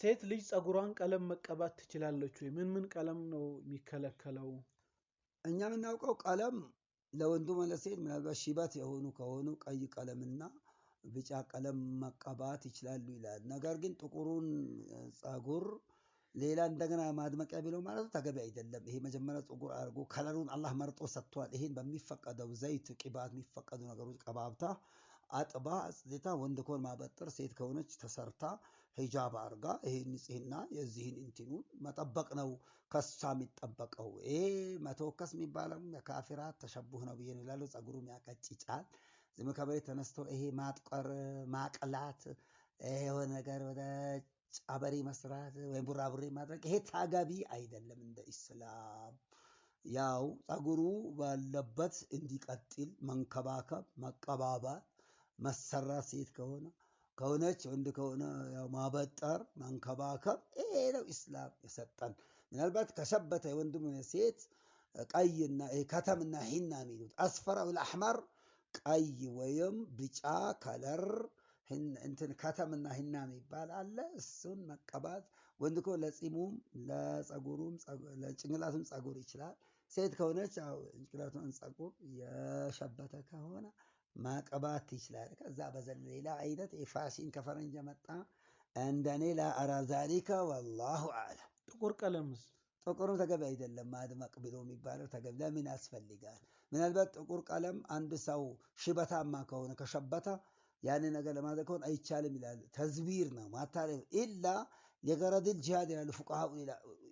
ሴት ልጅ ፀጉሯን ቀለም መቀባት ትችላለች ወይ? ምን ምን ቀለም ነው የሚከለከለው? እኛ የምናውቀው ቀለም ለወንዱ ለሴት ምናልባት ሺበት የሆኑ ከሆኑ ቀይ ቀለምና ቢጫ ቀለም መቀባት ይችላሉ ይላል። ነገር ግን ጥቁሩን ፀጉር ሌላ እንደገና ማድመቂያ ቢለው ማለቱ ተገቢ አይደለም። ይሄ መጀመሪያ ጥቁር አድርጎ ከለሩን አላህ መርጦ ሰጥቷል። ይሄን በሚፈቀደው ዘይት፣ ቅባት፣ የሚፈቀዱ ነገሮች ቀባብታ አጥባ አጽድታ፣ ወንድ ከሆነ ማበጠር፣ ሴት ከሆነች ተሰርታ ሂጃብ አርጋ፣ ይሄ ንጽህና የዚህን እንትኑን መጠበቅ ነው ከሷ የሚጠበቀው። ይሄ መተወከስ የሚባለው የካፊራት ተሸቡህ ነው ብዬ ይላሉ። ጸጉሩም ያቀጭጫል። ዝም ከበሬ ተነስቶ ይሄ ማጥቆር፣ ማቅላት፣ የሆነ ነገር ወደ ጫበሪ መስራት ወይም ቡራቡሬ ማድረግ ይሄ ታጋቢ አይደለም እንደ ኢስላም። ያው ጸጉሩ ባለበት እንዲቀጥል መንከባከብ፣ መቀባባል መሰራት ሴት ከሆነ ከሆነች ወንድ ከሆነ ያው ማበጠር መንከባከብ፣ ይሄ ነው ኢስላም የሰጠን። ምናልባት ከሸበተ የወንድም ሴት ቀይና ከተምና ሒና የሚሉት አስፈራው ለአሕማር ቀይ ወይም ቢጫ ከለር እንትን ከተምና ሒና የሚባል አለ። እሱን መቀባት ወንድ ከሆነ ለጺሙም፣ ለጸጉሩም፣ ለጭንቅላቱም ጸጉር ይችላል። ሴት ከሆነች ጭንቅላቱን ጸጉር የሸበተ ከሆነ ማቅባት ይችላል። ከዛ በዘን ሌላ አይነት የፋሲን ከፈረንጅ መጣ እንደኔ ላአራ ዛሊከ ወላሁ አዕለም። ጥቁር ቀለምስ ጥቁርም ተገቢ አይደለም። ማድመቅ ብሎ የሚባለው ተገቢ ለምን ያስፈልጋል? ምናልባት ጥቁር ቀለም አንድ ሰው ሽበታማ ከሆነ ከሸበተ ያን ነገር ለማድረግ ከሆነ አይቻልም ይላል። ተዝቢር ነው ማታለፍ ኢላ የገረድል ጂሃድ ይላሉ ፉቃሃ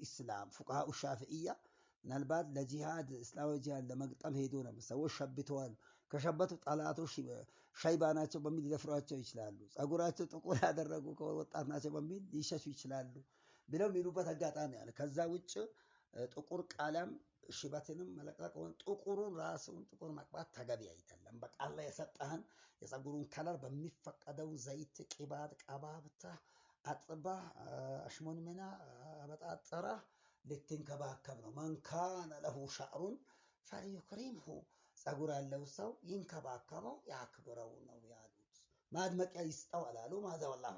ኢስላም ፉቃሃ ሻፍዕያ ምናልባት ለጂሃድ እስላማዊ ጂሃድ ለመግጠም ሄዶ ነው። ሰዎች ሸብተዋል። ከሸበቱ ጠላቶች ሸይባ ናቸው በሚል ሊደፍሯቸው ይችላሉ። ጸጉራቸው ጥቁር ያደረጉ ወጣት ናቸው በሚል ሊሸሹ ይችላሉ ብለው የሚሉበት አጋጣሚ አለ። ከዛ ውጭ ጥቁር ቀለም ሽበትንም መለቅለቅ ሆን ጥቁሩን ራስን ጥቁር መቅባት ተገቢ አይደለም። ላይ የሰጠህን የጸጉሩን ከለር በሚፈቀደው ዘይት ቅባት ቀባብተህ አጥባህ አሽሞንሜና አበጣጠረህ ልትንከባከብ ነው። መንካነ ለሁ ሻዕሩን ፈልዩክሪምሁ ጸጉር ያለው ሰው ይንከባከበው ያክብረው ነው ያሉት። ማድመቂያ ይስጠው አላሉ። ማዘ ወላሁ